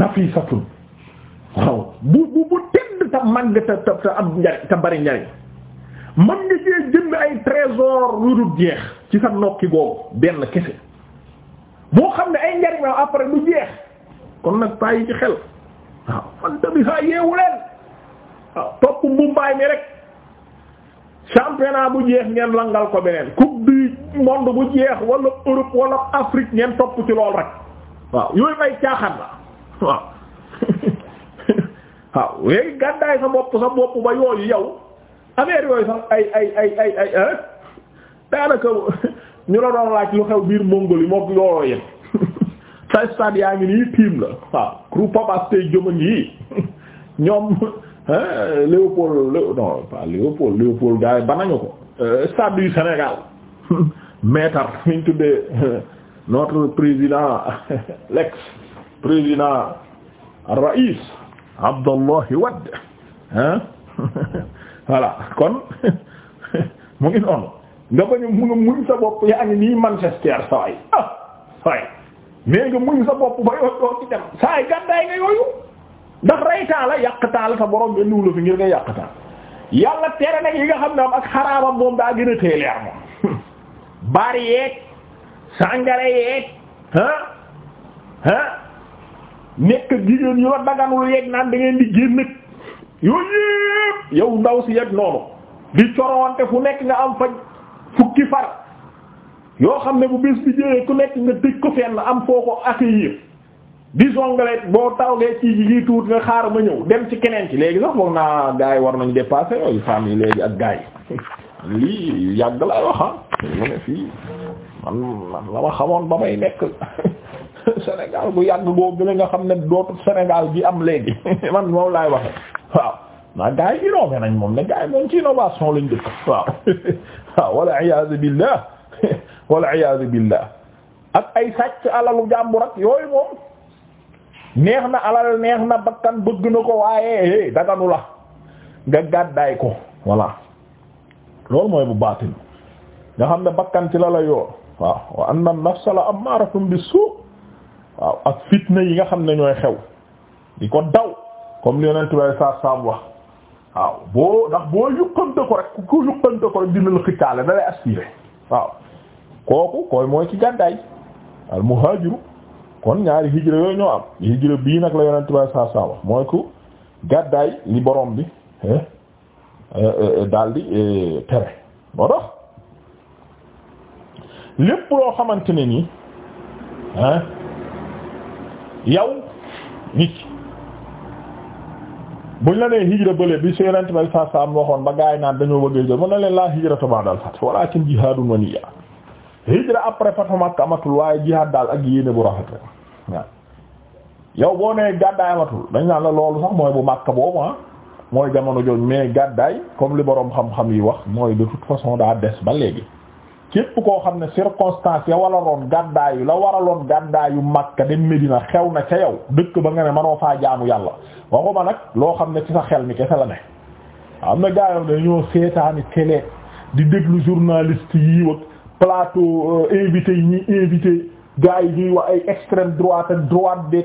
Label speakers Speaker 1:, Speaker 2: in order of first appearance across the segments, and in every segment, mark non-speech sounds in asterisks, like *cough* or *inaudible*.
Speaker 1: nafisatun waaw bu bu bu tedd ta màgg ta ta am njariñ ta bari njariñ nga cee jënd ay trésor yu dul jeex ci sa nokki googu benn kese boo xam ne ay njariñ la après du jeex kon nag bàyyi ci xel waaw fanta bi saa yeewu leen waaw topp mbumbaay mi rek championnat bu jeex ngeen langal ko beneen coupe du monde bu jeex wala Europe wala Afrique ngeen topp ci lool rek waaw yooyu may caaxaan la waaw *laughs* waaw léegi gàddaay sa bopp sa bopp ba yooyu yow affaire yooyu sax ay ay ay ay ay ah daanaka *laughs* ñu la doon laaj lu xew biir Mongolie moom looloo *laughs* sa stade yaa ngi nii tiim la waaw groupe Papa Stéye Diop ngi ñoom Léopold non pas Léopold Léopold gars yi ko. Euh, stade du Sénégal maître fi ñu tuddee notre président l'ex. président rais Abdallahi Wade hein *laughs* voilà kon *laughs* mu ngi noonu nga bañu mu muñ sa bopp yaa ngi nii Manchester saway ah saway mais nga muñ sa bopp ba yoo doo ci dem saay gàddaay nga yooyu ndax reytaa la yàqtaa la sa borom benn wula fi ngir nga yàqtaa yàlla tere nag yi nga xam ne am ak xaraamam moom daa gën a téeleer moom *laughs* bari yeeg sàngara yeeg ah ah nekk jigéen yu la daganul yeeg naan da ngeen di génn yooyu yëpp yow ndaw si yeeg noonu di coroonte fu nekk nga am fa fukki far yoo xam ne bu bis bi jëlee ku nekk nga tëj ko fenn am foo ko accueillir di zongale boo tawgee ci ji tuut nga xaar ma ñëw dem ci keneen ci léegi sax foog naa gars war nañ dépasser yooyu femmes yi léegi ak gars yi lii yàgg laa wax ah. mu ne fii man man la ma xamoon ba may nekk. *laughs* Sénégal bu yàgg goo nga xam ne dootul senegal bi am léegi *laughs* man moom laay waxe waaw maa gars yi innové nañ moom ne gars moom ci innovation lañ dëkk waaw *laughs* waaw wala iyaazu billah wala iyaazu billah ak ay sàcc alalu jàmbur ak yooyu moom neex na alal neex na bakkan bëgg na ko waaye daganu la nga gàddaay ko voilà loolu mooy bu baatin nga xam ne bakkan ci la la yoon waaw wa anna nafsa la ammaratun bis suu waaw ak fitna yi nga xam ne ñooy xew di ko daw comme li yonent way sa saam wax waaw boo ndax boo yuqante ko rek ku yuqante ko rek dina la xiccaale da lay waaw kooku koy mooy ci gàddaay mu muhajiru kon ñaari hijra yooyu ñoo am hijra bii nag la yonent way sa saam wax mooy ku gàddaay li borom bi eh, eh, eh, daldi tere moo lépp loo xamante ne nii yow nit buñ la nee hijra bële bi su yonent bay saa saa am waxoon ba gaay naan dañoo bëggee jël mën na leen laa hijratu ba'dal fath walaakin jihaadun wa niyya hijra après fatu Makka amatul waaye jihaad daal ak yéene bu rafet rek waaw yow boo nee gàddaay amatul dañ naan la loolu sax mooy bu Makka boobu ah mooy jamono jooju mais gàddaay comme li boroom xam-xam yi wax mooy de toute façon daa des ba léegi. képp koo xam ne circonstance ya waraloon gàddaayu la waraloon yu Makka dem médina xew na ca yow dëkk ba nga ne manoo faa jaamu yàlla waxuma nag loo xam ne ci sa xel mi kese la ne am na da dañoo seetaani télé di déglu journaliste yi wag plateau euh, invité yi ñuy invité gars yi ñuy wax ay extrême droite ak droite de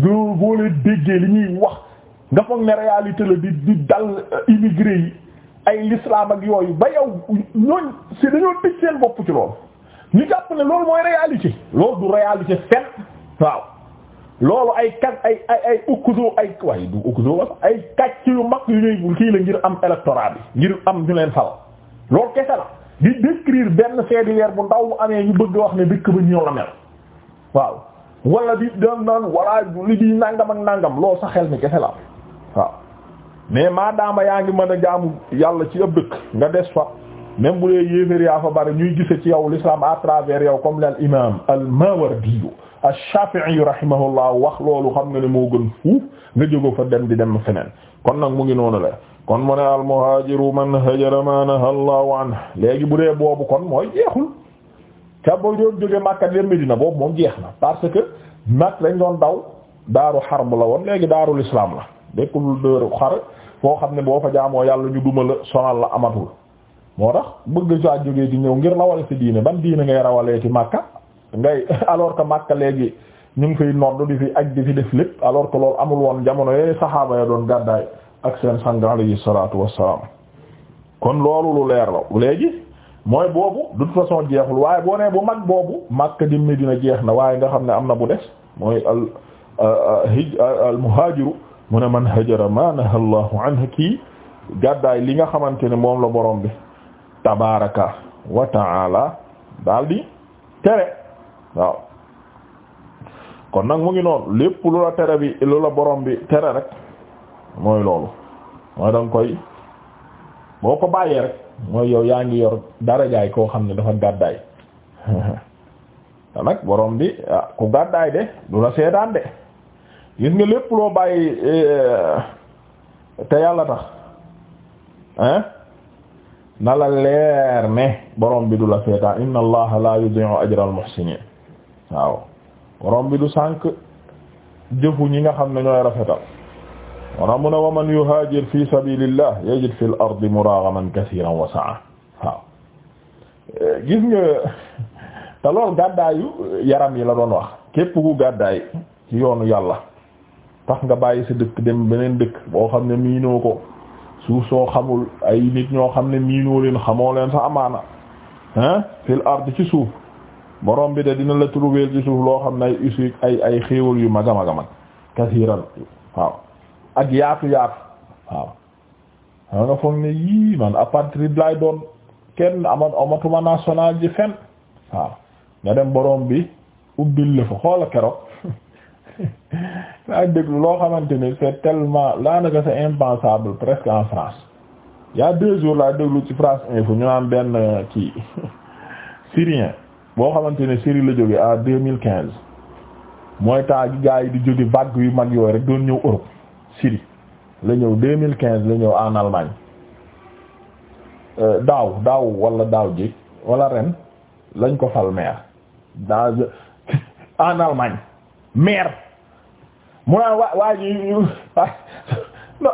Speaker 1: boo leen déggee li ñuy wax nga foog ne réalité la di dal euh, immigré yi ay l'islam ak yooyu ba yow ñooñ si dañoo tëj seen bopp ci loolu ñu jàpp ne loolu mooy réalité loolu du réalité fen waaw loolu ay kat ay ay ay ukkuso ay waaye du ukkuso ak ay kàcc yu mag yu ñuy kii la ngir am électorat bi ngir am ñu leen fal loolu kese la di décrire benn seedi bu ndaw bu amee ñu bëgg wax ne dëkk ba ñëw la mel waaw wala di daan naan wala li di nàngam ak nàngam loolu sa xel mi kese la waaw mais ma maadaama yaa ngi mën a jaamu yàlla ci ab dëkk nga des fa même bu dee yéeféer yaa fa bari ñuy gise ci yow l'islam à travers yow comme le al imam al Mawardi ash rahimahullah wax loolu xam nga ne moo gën fuuf nga jógo fa dem di dem feneen kon nag mu ngi noonu la kon mu ne al muhajiru man hajara ma naha Allahu anhu léegi bu dee boobu kon mooy jeexul ca boo doon jóge Makka dem Medina boobu moom jeex parce que nag lañ doon daw daaru xarb la woon léegi daarul islam la foo xam ne boo fa jaamoo yàlla ñu duma la sonal la amatul moo tax bëgg saa jógee di ñëw ngir rawale ci diine ban diine ngay rawalee ci Makka ngay *laughs* alors que Makka léegi ñu ngi fiy nodd di fi aj di fi def lépp alors que loolu amul woon jamono yee saxaaba ya doon gàddaay ak seen sang alayhi salaatu wassalaam kon loolu lu leer la léegi mooy boobu du toute façon jeexul waaye boo nee bu mag boobu Makka di Medina jeex na waaye nga xam ne am na bu des mooy al euh, euh, euh, mu ne man hajara ma naha allahu anhu kii gàddaay li nga xamante ne moom la borom bi tabaraka wa taala daal di tere waaw kon nag mu ngi noonu lépp lu la tere bi lu la borom bi tere rek mooy loolu mooy danga koy boo ko bàyyee rek mooy yow yaa ngi yor darajaay koo xam ne dafa gàddaay *laughs* te nag borom bi ah, ku gàddaay de du la seetaan de gis nga lépp loo bàyyi eh, te yàlla tax hein na la leer ne borom bi du la seetaan inna allaha la yudi'u ajra al muhsinin waaw borom bi du sànk jëfu ñi nga xam ne ñooy rafetal wana mu ne wa man yuhaajir fi sabilillah yajid fil ardi muraagaman kasiiran wa sa'a waaw gis nga te loolu gàddaayu yaram yi la doon wax képp ku gàddaay ci yoonu yàlla tax nga bàyyi sa dëkk dem beneen dëkk boo xam ne miinoo ko suuf soo xamul ay nit ñoo xam ne miinoo leen xamoo leen sa amaana hein fil ard ci suuf borom bi de dina la trouver ci suuf loo xam ne ay usik ay ay xéewal yu mag a mag a waaw ak yaatu yaatu waaw xam nga foog ne yii man apatride laay doon kenn ama amatuma national ji fen waaw nga dem borom bi ubbil la fa xoola keroog *laughs* yaa loo xamante ni c'est tellement daanaka c'est impensable presque en France il a deux jours laa déglu ci France Info ñu naan benn kii *laughs* syrien boo xamante ne Syrie la jóge en deux mille quinze mooy temps gi gars yi di jóge vague yu mag yooyu rek doon ñëw Europe Syrie la ñëw deux mille quinze la ñëw en Allemagne euh, daaw daaw walla daaw ji wala ren lañ ko fal maire dans *laughs* en Allemagne maire mu naan waa waa ji ah non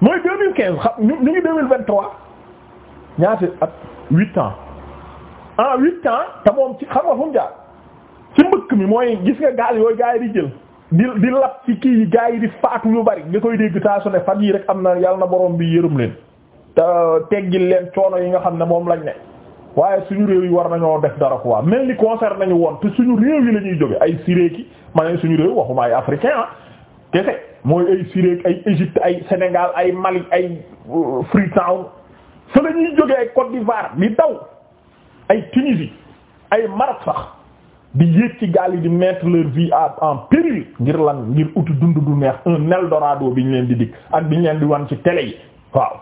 Speaker 1: mooy deux mille quinze xam ñu ñu ngi deux mille vingt trois ñaata at huit ans ah huit ans te moom ci xam nga fu jaar ci mbëkk mi mooy gis nga gaal yooy gaa yi di jël di di lab ci kii gaa yi di faatu yu bari nga koy dégg saa ne fan yi rek am na yàlla na borom bi yërëm leen. te teggil leen coono yi nga xam ne moom lañ ne waaye suñu réew yi war nañoo def dara waa mel ni concert nañu woon te suñu réew yi la ñuy jóge ay Siréki ma suñu réew waxuma ay africain ah kese mooy ay Syrie ay Égypte ay Sénégal ay Mali ay euh, Freetown fa la ñuy jógee ay Côte d'Ivoire di daw ay Tunisie ay Maroc sax di yéeg ci gaal yi di mettre leur vie en péril ngir lan ngir uti dund du neex un Eldorado bi ñu leen di dikk ak bi leen di wan ci télé yi waaw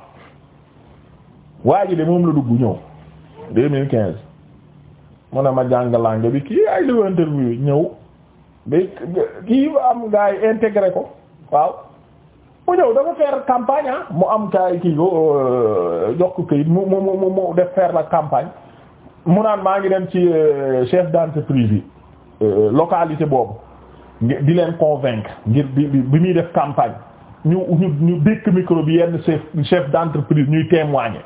Speaker 1: waa ji de moom la dugg ñëw 2015 mu ne ma jàng langue bi kii ay li interview ñëw day kii am gars yi intégré ko waaw mu ñëw dafa faire campagne ah mu am kaay kii euh, jox ko këyit mu mu mu mu def faire la campagne mu naan maa ngi dem ci euh, chef d'entreprise yi euh, localité boobu di leen convaincre ngir bi bi muy def campagne ñu ñu ñu dékk micro bi yenn chef chef d'entreprise ñuy témoigner.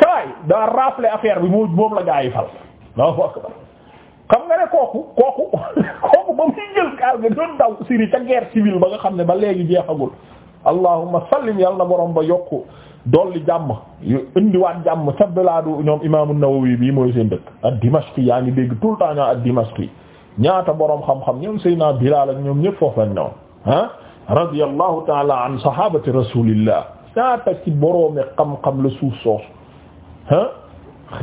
Speaker 1: saay daa rafle affaire bi mu moom la gars yi fal xam nga ne kooku kooku *laughs* kooku ba muy jël gaal ga doon daw siri ca guerre civile ba nga xam ne ba léegi jeexagul allahumma sallim yàlla na borom ba yokku dolli jàmm indiwaat jàmm ca bilaadu ñoom imaamu Nawawi bii mooy seen dëkk ak Dimashq yaa ngi dégg tout le temps ñaa ak Dimashq ñaata borom xam-xam ñoom Seydina Bilaal ak ñoom ñëpp foofu lañ newoon ah radiyallahu taala an sahabati rasulillah ñaata ci boroomi xam-xam la suuf soosu ah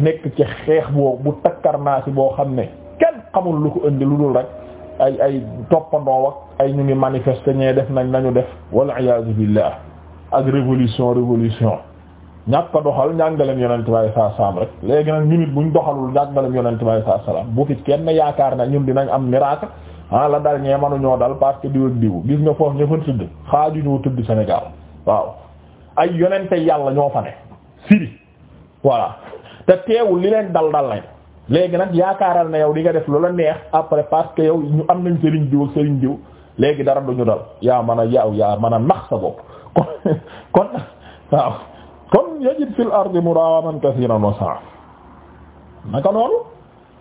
Speaker 1: nekk ci xeex boobu bu takkar naa si boo xam ne kenn xamul lu ko indi lu dul rek ay ay toppandoo ak ay ñu ngi manifester ñee def nañ nañu def wal iyaazu billah ak révolution révolution ñàkk a doxal njàngaleem yonent bi saa saam rek léegi nag ñu nit buñ doxalul njàngaleem yonent bi saa salaam bu fi kenn yaakaar na ñun dinañ am miracle ah la dal ñee manuñoo dal parce que diw ak diw gis nga foofu ña fa tëdd xaaju ñoo tëdd Sénégal waaw ay yonente yàlla ñoo fa ne siri voilà te teewul li leen dal dal lañ léegi nag yaakaaral na yow di nga def loola neex après parce que yow ñu am nañ sëriñ diw ak sëriñ diw léegi dara du ñu dal yaa man a yaaw yaa man a nax sa bopp kon *laughs* kon waaw kon yajid fil ardi murawaman kathiran wa sa'a naka noonu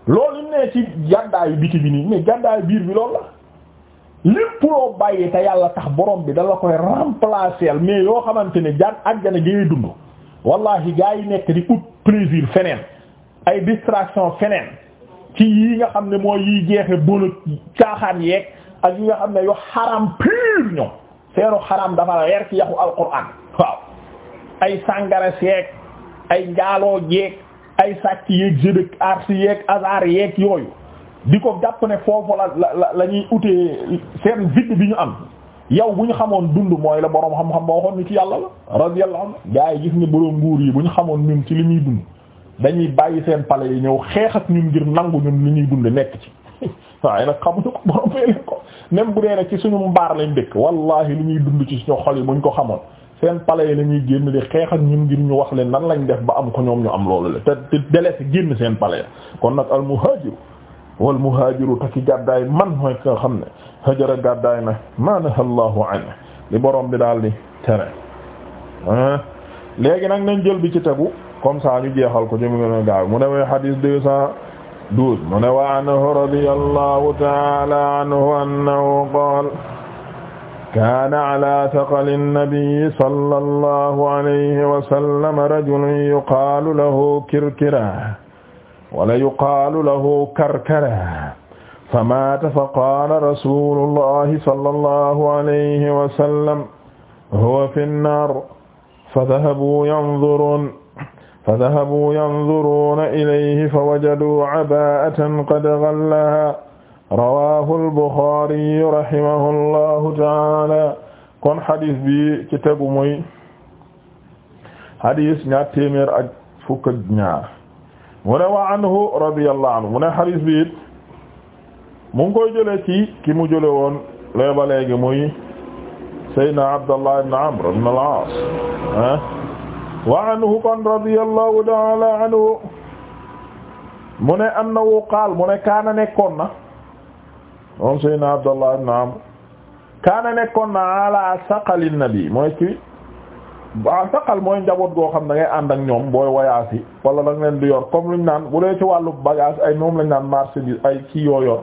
Speaker 1: loolu ne ci gàddaayu biti bi nii mais gàddaayu biir bi loolu la lépp loo bàyyi te yàlla tax borom bi da la koy remplacer mais yoo xamante ne jaan àjjana gi ngay dund wallahi gaa yi nekk di ut plaisir feneen ay distraction feneen ci yi nga xam ne mooy yiy jeexe bëla caaxaan yeeg ak yi nga xam ne yu xaram pur ñoom seenu xaram dafa leer ci yaxu alquran waaw ay sàngara seeg ay njaaloo jeeg ay sàcc yeeg jeu de cartes yeeg hasard yooyu di ko jàpp ne foofu la la la ñuy utee seen vide bi ñu am yow bu ñu xamoon dund mooy la boroom xam-xam boo xoon ni ci yàlla la radiyallahu anhu gaa yi gis nga boroom nguur yi bu ñu xamoon ñun ci li ñuy dund dañuy bàyyi seen pale yi ñëw xeex ak ñun ngir nangu ñun li ñuy dund nekk ci *laughs* waaye nag xamuñu ko borom fee ko même bu dee nag ci suñu mbaar lañ dëkk wallahi li ñuy dund ci suñu xol yi buñ ko xamoon seen pale yi la ñuy génn di xeexak ak ñun ngir ñu wax leen nan lañ def ba am ko ñoom ñu am loolu la te te deles génn seen palais kon nag al muhajiru wal muhajiru te ki gàddaay man mooy ko xam ne hajara gàddaay na maanaha allahu an li borom bi daal di tere léegi nag nañ jël bi ci tegu comme ça ñu jeexal ko ci mu gën a gaaw mu ne mooy hadith deux cent douze mu ne wa anhu radiyallahu ta'ala anhu annahu qaala kaana ala saqali nnabiyi sallallahu alayhi wa sallam rajulun yuqaalu lahu kirkira wala yuqaalu lahu karkara famaata faqaala rasulullahi sallallahu alayhi wa sallam huwa fi nnaar fadahabuu yanzuruun fa dahabuu yanzuruuna ilayhi fa wajaduu cabaa'atan qad ghallahaa rawaahu al-Buxaariyu rahimahu llahu taala kon xadis bi ci tegu muy xadis ñaar téeméer ak fukk ak ñaar mu ne wa anhu radiyallahu anhu mu ne xadis bi it mu ngi koy jëlee ci ki mu jëlee woon léeba léegi muy Seydina Abdallah ibn Amr ibn al-Aas wa anhu kon radiyallahu ta'ala anhu mu ne annahu qaal mu ne kaana nekkoon na moom Seydina Abdallah ibn Amr kaana nekkoon na ala saqali nabi mooy ci wa saqal mooy njaboot goo xam da ngay ànd ak ñoom booy voyage yi wala da nga leen di yor comme luñ naan bu dee ci wàllu bagage ay moom lañ naan marché bi ay kii yoo yor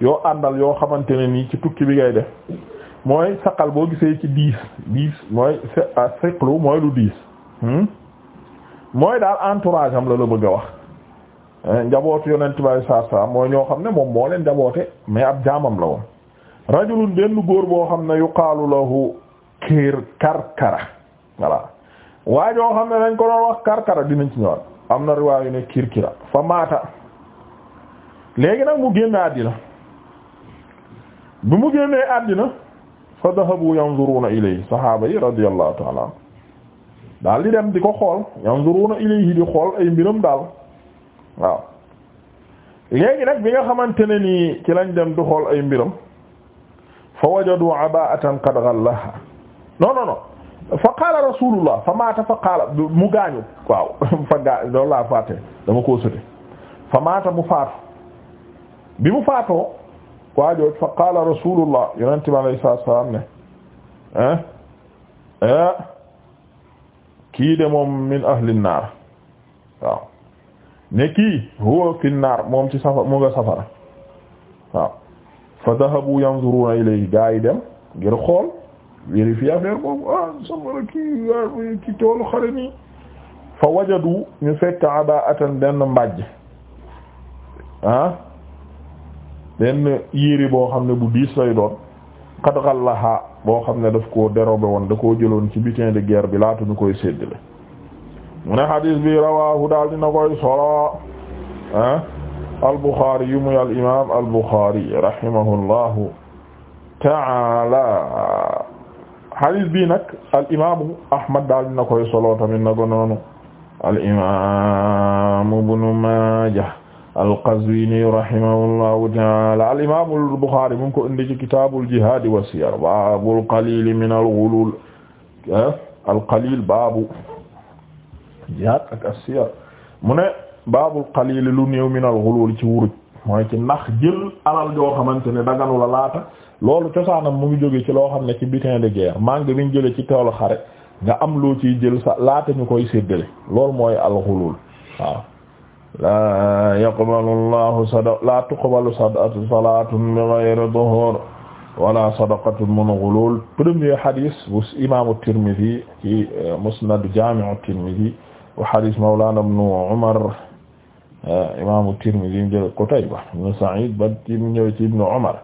Speaker 1: yoo àndal yoo xamante ne nii ci tukki bi ngay de mooy saqal boo gisee ci diis diis mooy siqlu ah, mooy lu diis Hmm? mooy daal entourage am la la bëgg a wax eh, njaboot yonent bay saar saar mooy ñoo xam ne moom moo leen njaboote mais ab jaamam la woon rajulun benn góor boo xam ne yuqaalu lahu kir karkara voilà waa ñoo xam ne dañ ko doon wax karkara dinañ ci ñëwaat am na riwaay yu ne kirkira fa maata léegi nag mu génne àddina bi mu génnee àddina fa dahabu yanzuruna ilay saxaaba yi radiyallahu ta'ala daal di dem di ko xool yanzuruna ilayhi di xool ay mbiram daal waaw léegi nag bi nga xamante ne nii ci lañ dem di xool ay mbiram fa wajadu aba'atan qad ghallaha non non non fa qaala rasulullah fa maata fa qaala mu gaañu waaw *laughs* fa gaa loolu laa fàtte dama koo sëte fa maata mu faatu bi mu faatoo waajooj fa qaala rasulullah yonente bi salaam ne kii de moom min ahli naar waaw ne kii huwa fi naar moom ci safara mu nga safara waaw fa dahabu yanzuruna ilayhi gaa yi dem ngir xool vérifier affaire boobu ah safara kii waa ah, xare nii fa wajadu ñu fekk abaatan benn mbàjj ah benn yére boo xam ne bu diis lay doon qad ghallaha boo xam ne daf koo dérobé woon da koo jëloon ci butin de guerre bi laata ñu koy séddale mu ne xadis bi rawahu daal dina koy solo ah al-Bukhari yu muy al imam al-Bukhari rahimahullahu taala xadis bi nag al imamu Ahmad daal dina koy solo tamit na ko noonu al imam Ibnu Maaja al-Qazwini rahimahullahu ta'ala al-imam al mu ko indi ci kitabul jihad wa siyar babul qalil min al eh? baabu al-qalil babu jihad ak as mu ne babul lu néew min al-ghulul ci wuruj mooy ci nax jël alal joo xamante ne daganu la laata loolu cosaanam mu ngi jóge ci loo xam ne ci butin de guerre mang biñ jële ci toolu xare nga am loo ciy jël sa laata ñu koy séddale loolu mooy al-ghulul laa yaqbalu allahu sada laa tuqbalu sadatu salatun bi ghayri duhur wala sadaqatun min ghulul premier hadis bu imaamu Tirmidhi ci eh, musnad jaami'u Tirmidhi wa hadis mawlana ibn Umar eh, imaamu Tirmidhi jël Qutayba ibn Sa'id ba ci ñëw ci ibn Umar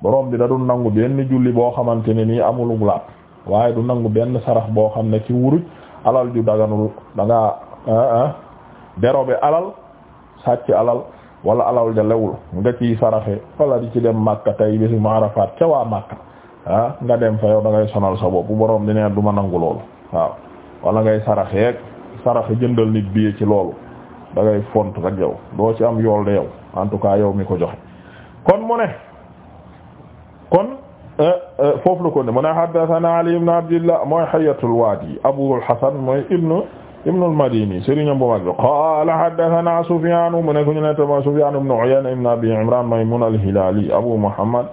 Speaker 1: borom bi da du nangu benn julli boo xamante ne nii amul laab waaye du nangu benn sarax boo xam ne ci wuruj alal ju daganul da ngaa eh, dérober alal sàcc alal wala alal ja lewul nga ciy saraxe wala di ci dem Makka tey bésu Arafat ca waa Makka ah, nga dem fa yow da ngay sonal sa bopp borom di ne du ma nangu loolu waaw wala ngay saraxeeg saraxe jëndal nit bi ci loolu dangay ngay font rek yow doo ci am yool de yow en tout yow mi ko joxe kon mu ne kon euh, euh, foofu la ko ne mu ne haddathana Ali ibn Abdillah mooy Hayatul Wadi Abul Hasan mooy ibnu ibnu al-Madini sëriñam bu mag bi qaala haddathana Sufyaan mu ne ko ñu nettama Sufyaan ibnu Uyayna ibnu Abi Imraan Maymuun al-Hilaali Abu Muhammad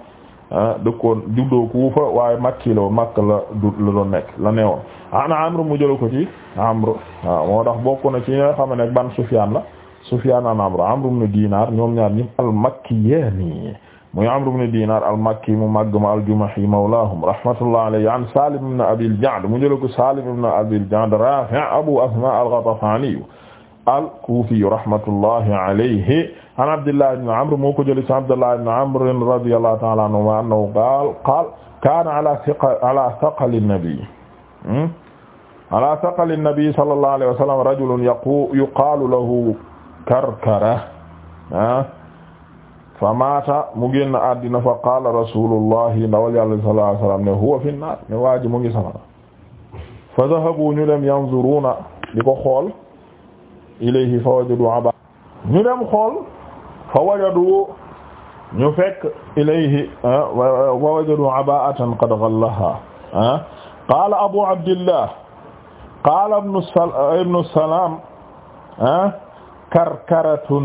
Speaker 1: ah, dëkkoon juddoo Kuufa waaye Makki la Makk la du la doon nekk la newoon ana Amr mu jël ko ci Amr waaw moo tax bokk na ci ñoo xam ne ban Sufyaan la Sufyaan an Amr Amr ibnu Diinaar ñoom ñaar ñi al-Makkiyaani muy Amr ibn Dinar al-Makki mu màgg ma al-Jumahi mawlaahum rahmatullahi alayhi an Salim ibn Abil Ja'd mu jël ko Salim ibn Abil Ja'd Rafi' Abu Asma al-Ghatafani al-Kufi rahmatullahi alayhi an Abdullah ibn Amr moo ko jël ci Abdullah ibn Amr radiyallahu ta'ala anhuma annahu qaala qaala kaana ala thiqa ala thaqali nabi hmm? ala thaqali nabi sallallahu alayhi wa sallam rajulun yuqaalu lahu Karkara ah? fa maata mu génn àddina fa qaala rasulullahi ndawal yàlla sallallahu alayhi wasallam ne huwa fi naar ne waa ji mu ngi safara fa zahabu ñu dem yanzuruna di ko xool ilayhi fa wajadu aba ñu dem xool fa wajadu ñu fekk ilayhi fa ah, wajadu abaatan qad ghallaha ah. qaala abu abdillah qaala ibnu salaam ah. karkaratun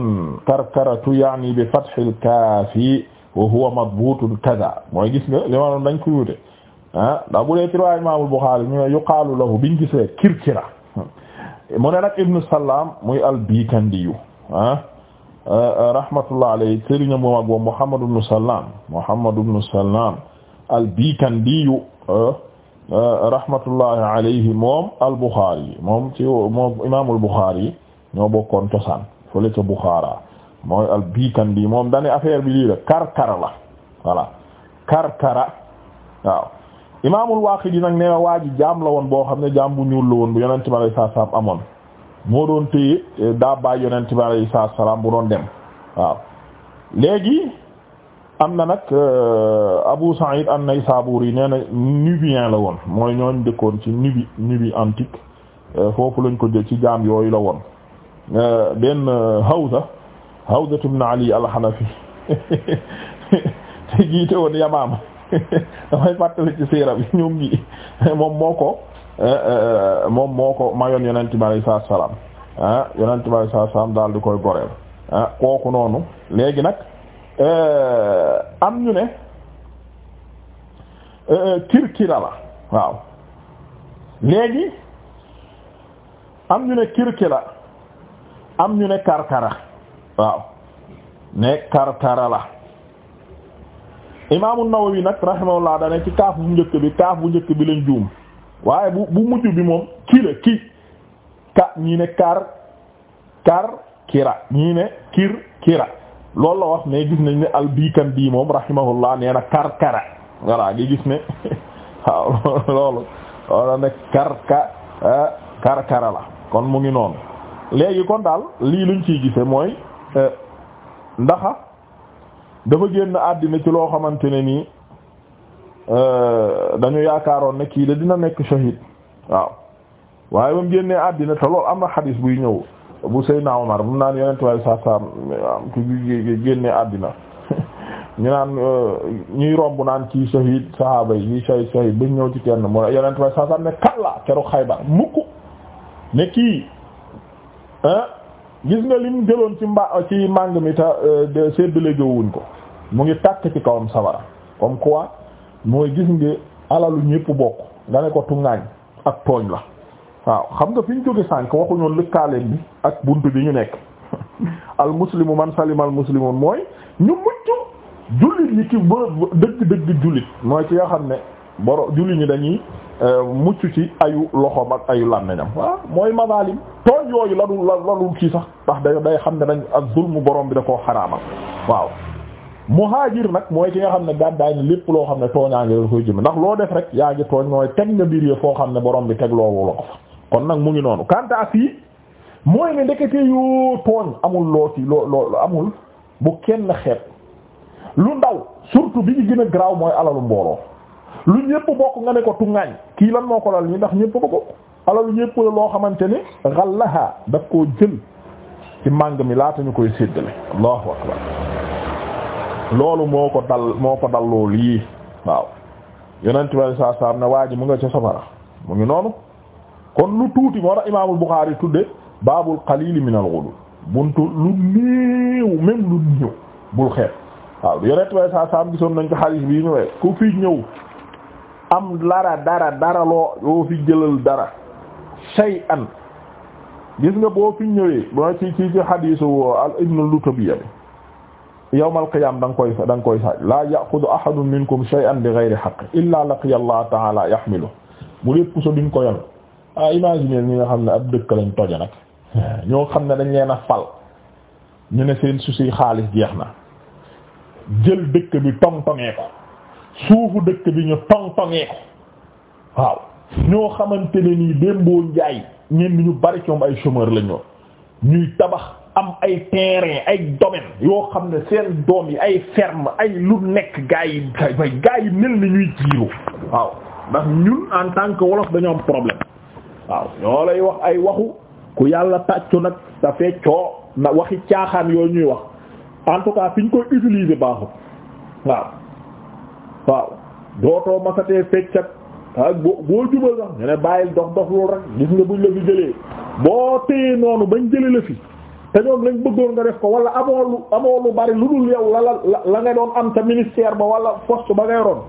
Speaker 1: karkaratu yaani bi fathil kaafi wa huwa madbuutun kaza mooy gis nga li ma doon dañ koy wute ah ndax bu dee ci riwaaya Imaamul Buxaari ñu ne yuqaalu lahu biñ gisee kirkira mu ne nag Ibnu Salaam muy al-Biikandiyu ah, ah rahmatullah alayhi sëriñam bu mag boobu Muhammad ibnu Salaam Muhammad ibnu Salaam al-Biikandiyu ah, ah, rahmatullahi alayhi moom al-Buxaari moom ci moom Imaamul Buxaari ñoo bokkoon cosaan fële ca Bukhara mooy al Bikandi moom dane affaire bi lii la karkara la voilà karkara waaw imaamul Waaqidi nag nee na waa ji jaam la woon boo xam ne jaam bu ñuul la woon bu yonent bi alayhi salaam amoon moo doon téye eh, daa bàyyi yonent bi alayhi salaam bu doon dem waaw léegi am na nag eh, Abu Sa'id an-Naysaburi nee na nubien la woon mooy ñooñ dëkkoon ci Nubie Nubie antique eh, foofu lañ ko jël ci jaam yooyu la woon Euh, benn euh, Hawza Hawza ibn Ali al-Hanafi te jiite woon Yamaama damay fàttali ci siira bi ñoom ñi moom moo ko euh, moom moo ko mayoon Yonent bi alayhi salaam ah Yonent bi salaam daal di koy goreel ah, kooku noonu léegi nag am ñu ne Kirkira la waaw léegi am ñu ne Kirkira am ñu ne karkara waaw ne karkara la imaamu Nawawi nag rahimahullah dane ci kaaf bu njëkk bi kaaf bu njëkk bi lañ juum waaye bu bu mujj bi moom kii la ka ñii ne kar kar kira ñii ne kir kira loolu la wax ne gis nañ ne albiikan bii moom rahimahullah nee na karkara voilà gi gis ne *laughs* waaw loolu wala ne karka eh, karkara la kon mu ngi noonu léegi kon daal lii luñ ciy gise mooy euh, ndaxa dafa génn àddina ci loo xamante ne nii euh, dañu yaakaaroon ne kii de dina nekk shahid waaw waaye ba mu génnee àddina te loolu am na xadis buy ñëw bu Seydina Omar bu naan yeneen tubaab saa saa ku génnee àddina *laughs* ñu naan euh, ñuy romb naan ci shahid sahaaba yi ñuy shahid shahid ba ñëw ci kenn mu yeneen tubaab saa saa ne kalla keroog Xaybar mukk ne kii. gis nga lim jëloon ci mba ci màng mi ta euh, séddale jowuñ ko mu ngi tàkk ci kawam sawara comme quoi mooy gis nga alalu ñépp bokk nga ne ko tungaañ ak tooñ la waaw xam nga fi ñu jóge sànk waxuñoon lëkkaaleen bi ak bunt bi ñu nekk *laughs* al muslimu man salima al mooy ñu mucc jullit ñi ci bërëb dëgg dëgg jullit mooy ci yoo xam ne boro jullit ñi dañuy Euh, mucc ci ayu loxoom ak ayu làmmiñam waaw mooy mazalim tooñ yooyu la dul kii sax ndax day day xam ne dañ az-zulmu borom bi da koo xaraamal waaw muhaajir nag mooy ki nga xam ne gàddaay ni lépp loo xam ne tooñaa ngi koy jëm ndax loo def rek yaa ngi tooñ mooy teg nga mbir yi foo xam ne borom bi teg loowu la fa kon nag mu ngi noonu kantaa fii mooy ne ndekete yoo tooñ amul loo ci loo loo amul bu kenn xeet lu ndaw surtout bi ñu gën a garaaw mooy alalu mbooloo lu ñëpp bokk nga ne ko tungaañ kii lan moo ko lal ñi ndax ñëpp ko bokk alal ñépp la loo xamante ni xallaha daf koo jël ci màng mi laata ñu koy séddale allahu akbar loolu moo ko dal moo ko dal loolu yii waaw yonent bi saa am ne waa ji mu nga ca safara mu ngi noonu kon lu tuuti moo tax imaamul Buxaari tudde baabul qalili minal ghulul buntu lu néew même lu néew bul xeet waaw yonent bi saa gisoon nañ ko xadiis bi ñu ñëwee ku fi ñëw am lara dara dara loo yoo fi jëlal dara shay'an gis nga boo fi ñëwee boo ci ci ci hadiisu al ibnu Lutabiya bi yawmal qiyaam da koy da koy saaj laa ya'khudhu ahadun minkum shay'an bi ghayri haqqin illaa laqiya Allah ta'ala yahmilu bu dee puso duñ ko yal ah imaginer ñi nga xam ne ab dëkk lañ toje nag *laughs* ñoo xam ne dañ leen a fal ñu ne seen susi xaalis jeex na jël dëkk bi tom tongee ko suufu dëkk bi ñu tontongeeku waaw ñoo xamante ne nii démboo njaay ñenn ñu bari coom ay chômeur lañu ñoo ñuy tabax am ay terrain ay domaine yoo xam ne seen doom yi ay ferme ay lu nekk gaa yi gaa yi ni ñuy jiiroo waaw ndax ñun en tant que wolof dañoo am problème waaw ñoo lay wax ay waxu ku yàlla tàccu nag ta feccoo na waxi caaxaan yooyu ñuy wax en fi ñu koy utiliser baaxul waaw waaw dootoo masatee feccat ak boo boo jubal sax ñu bàyyil dox dox loolu rek gis nga buñ la fi jëlee boo téye noonu bañ jële la fi te ñoom lañ bëggoon nga def ko wala amoo lu amoo lu bari lu dul yow la la la nga doon am ta ministère ba wala poste ba ngay ron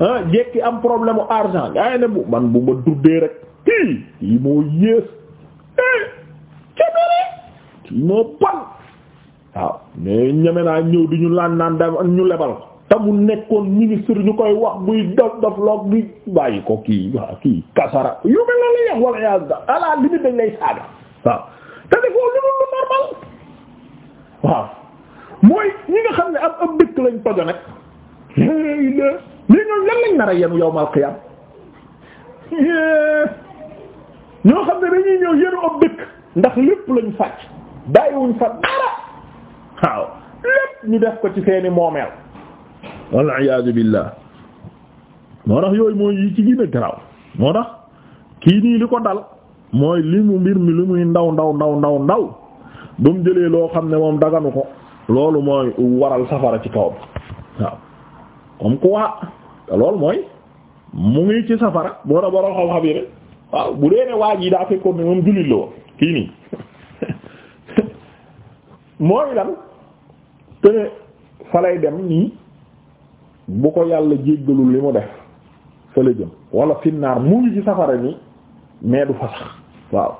Speaker 1: ah jekki am problème u argent gaa yi bu man bu ma duddee rek kii kii moo yées eh, camére moo bon waaw mais ñeme naa ñëw di ñu laa naan da ñu lebal te mu nekkoon ministre ñu koy wax buy dof dof loog bi bàyyi ko kii waaw kii kasara yu la lay wax wala yaa da ala limite dañ lay saaga waaw te lu normal waaw mooy ñi nga xam ne ab ab dëkk lañ tojo nag lii ñoom lan yenu yawmal qiyaam xam ne ndax lépp lañ sàcc bàyyiwuñ fa dara waaw lépp ñu def ko ci seeni moomeel walla iyaazu billah moo tax yooyu mooy yi ci gën garaaw moo tax kii nii li ko dal mooy li mu mbir mi li muy ndaw ndaw ndaw ndaw ndaw ba mu jëlee loo xam ne moom daganu ko loolu mooy waral safara ci kawam waaw comme quoi loolu mooy mu ngi ci safara boo tax borom xam-xam yi rek waaw bu dee ne waa ji daa fekkoon ne moom jullit la woon kii nii *laughs* mooy lan te ne fa dem nii. bu ko yàlla jéggalul li mu def fa la jëm wala finnaar mu ngi ci safara ni mais du fa sax waaw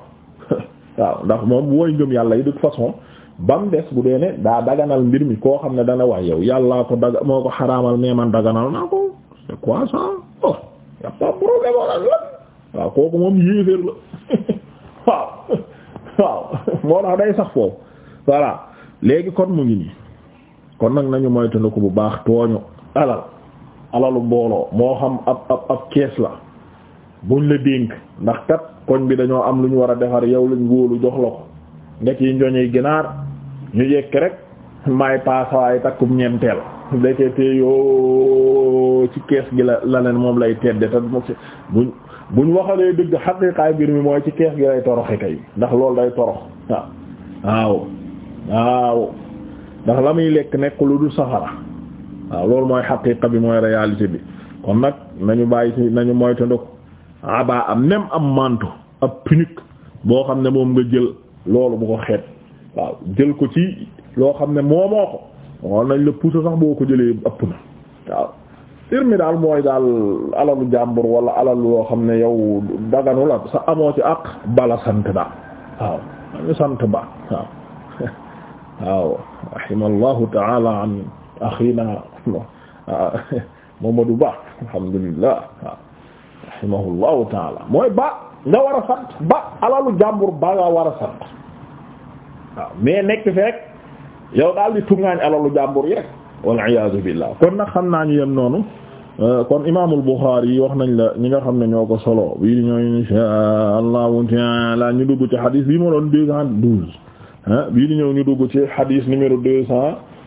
Speaker 1: *laughs* waaw ndax moom wooy ngëm yàlla yi de toute façon bam des bu dee ne daa daganal mbir mi koo xam ne dana wax yow yàllaa ko daga moo ko xaraamal mais man daganal naa ko c'est quoi ça oh y problème waaw kooku moom yéeféer la *laughs* waaw *laughs* moo tax day sax foofu voilà léegi kon mu ngi nii kon nag nañu moytu ko bu baax tooñu alal alalu mbooloo moo xam ab ab ab kees la buñ la dénk ndax kat koñ bi dañoo am lu ñu war a defar yow lañ wóolu jox la ko nga ciy njoñey ginaar ñu yekk rek may paasawaay takkum ñenteel ndekete yoo ci kees gi la la leen moom lay tedde te buñ buñ waxalee dëgg xaqiiqaay mbir mi mooy ci kees gi lay toroxi kay ndax loolu day torox waaw waaw ndax la muy lekk nekk lu dul safara waaw loolu mooy xaqiqa bi mooy réalité bi kon nag nañu bàyyi ci nañu moytandiku abaa am même am manteau ab tunique boo xam ne moom nga jël loolu bu ko xeet waaw jël ko ci loo xam ne moomoo ko wol nañ la puso sax boo ko jëlee ëpp na waaw mbir mi daal mooy daal alalu jàmbur wala alalu loo xam ne yow daganu la sa amoo ci àq bala sant ba waaw dañu sant ba waaw *laughs* waaw rahimallahu ta'ala axina Mamadou Ba alhamdulillah waaw rahimahullahu taala mooy ba nga war a sant ba alalu jàmbur ba nga war sant waaw nekk fi yow daal di tungaañ alalu jàmbur yi rek waliyasu billah kon nag xam naa ñu yem noonu euh, kon imaamul Buxaari yi wax nañ la ñi nga xam ne ñoo ko solo bii ñoo insha allahu taala ñu dugg ci xadis bii moo bii di ñëw ñu dugg ci xadis numéro